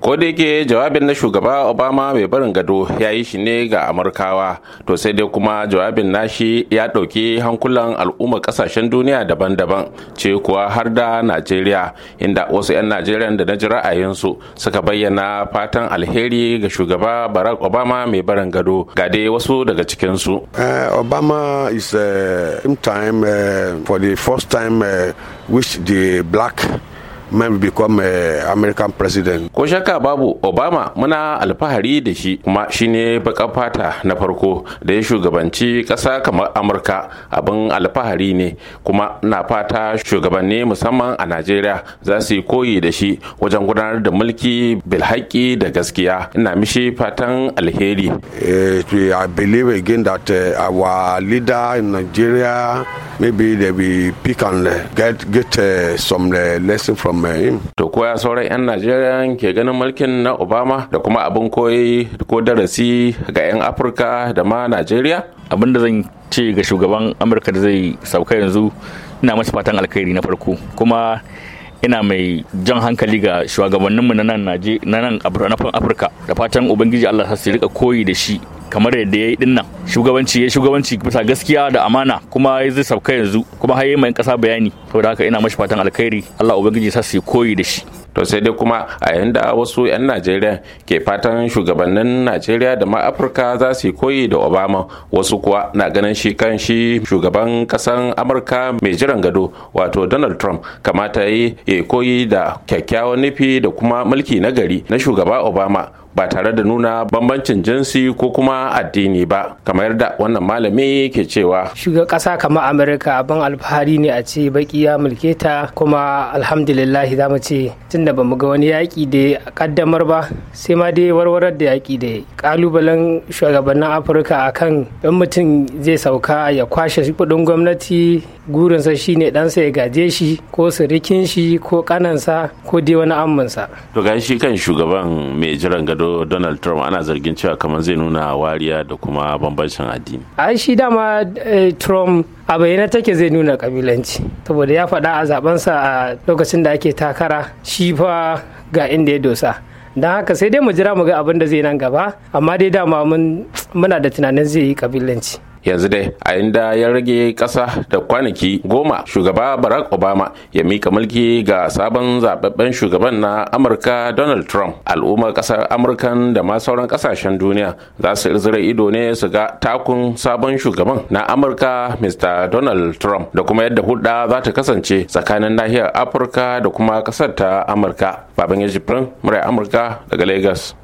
ko da yake jawabin na shugaba obama mai barin gado ya yi shi ne ga amurkawa to sai dai kuma jawabin nashi ya ɗauki hankulan al'ummar ƙasashen duniya daban-daban ce kuwa har da najeriya inda wasu 'yan najeriya da na ji ra'ayinsu suka bayyana fatan alheri ga shugaba barack obama mai barin gado ga dai wasu daga cikinsu uh, obama is eh, eh, the black maybe become uh, American president. Ko shakka babu Obama muna alfahari da shi kuma shine baƙar fata na farko da ya shugabanci ƙasa kamar Amurka abin alfahari ne kuma na fata shugabanni musamman a Najeriya za su yi koyi da shi wajen gudanar da mulki bilhaki da gaskiya ina mishi fatan alheri. Eh, I believe again that eh, our leader in Nigeria maybe they be pick and uh, get get uh, some uh, lesson from uh, him to koya sauran yan Najeriya ke ganin mulkin na Obama da kuma abin koyi ko darasi ga yan Afirka da ma Najeriya abin da zan ce ga shugaban Amurka da zai sauka yanzu ina masa fatan alkhairi na farko kuma ina mai jan hankali ga shugabanninmu na nan naje na nan afirka da fatan ubangiji allah su rika koyi da shi kamar yadda ya yi dinnan shugabanci ya shugabanci bisa gaskiya da amana kuma ya zai sauka yanzu kuma har yayin kasa bayani saboda haka ina mashi fatan alkhairi Allah ubangiji sa su koyi da shi to sai dai kuma a yayin da wasu 'yan najeriya ke fatan shugabannin najeriya da ma afirka za su koyi da obama wasu kuwa na ganin shi kan shi shugaban kasan amurka mai jiran gado wato donald trump kamata ya koyi da kyakkyawan nufi da kuma mulki na gari na shugaba obama ba tare da nuna bambancin jinsi ko kuma addini ba kamar yadda wannan malami ke cewa shiga ƙasa kamar amurka abin alfahari ne a ce baki ya mulke ta kuma alhamdulillah za mu ce tunda da bamu ga wani yaƙi da ya kaddamar ba sai ma dai warwarar da yaƙi da ƙalubalen shugabannin afirka kan in mutum zai sauka ya kwashe kuɗin gwamnati gurinsa shine ɗansa ya gaje shi ko sirikin shi ko kanansa ko dai wani amminsa to ga shi kan shugaban mai jiran gado donald trump ana zargin cewa kamar zai nuna wariya da kuma bambancin addini a shi dama eh, trump a bayyana take zai nuna kabilanci saboda ya faɗa a zabensa a lokacin da ake takara shi fa ga inda ya dosa don haka sai dai mu jira mu ga abin da zai nan gaba amma dai dama muna da tunanin zai yi kabilanci yanzu dai a inda ya rage kasa da kwanaki goma shugaba barack obama ya mika mulki ga sabon zababben shugaban na amurka donald trump al'ummar kasar amurkan da ma sauran kasashen duniya za su zira ido ne su ga takun sabon shugaban na amurka mr donald trump da kuma yadda hulɗa za ta kasance tsakanin nahiyar afirka da kuma kasar ta amurka baban ya murai amurka daga lagos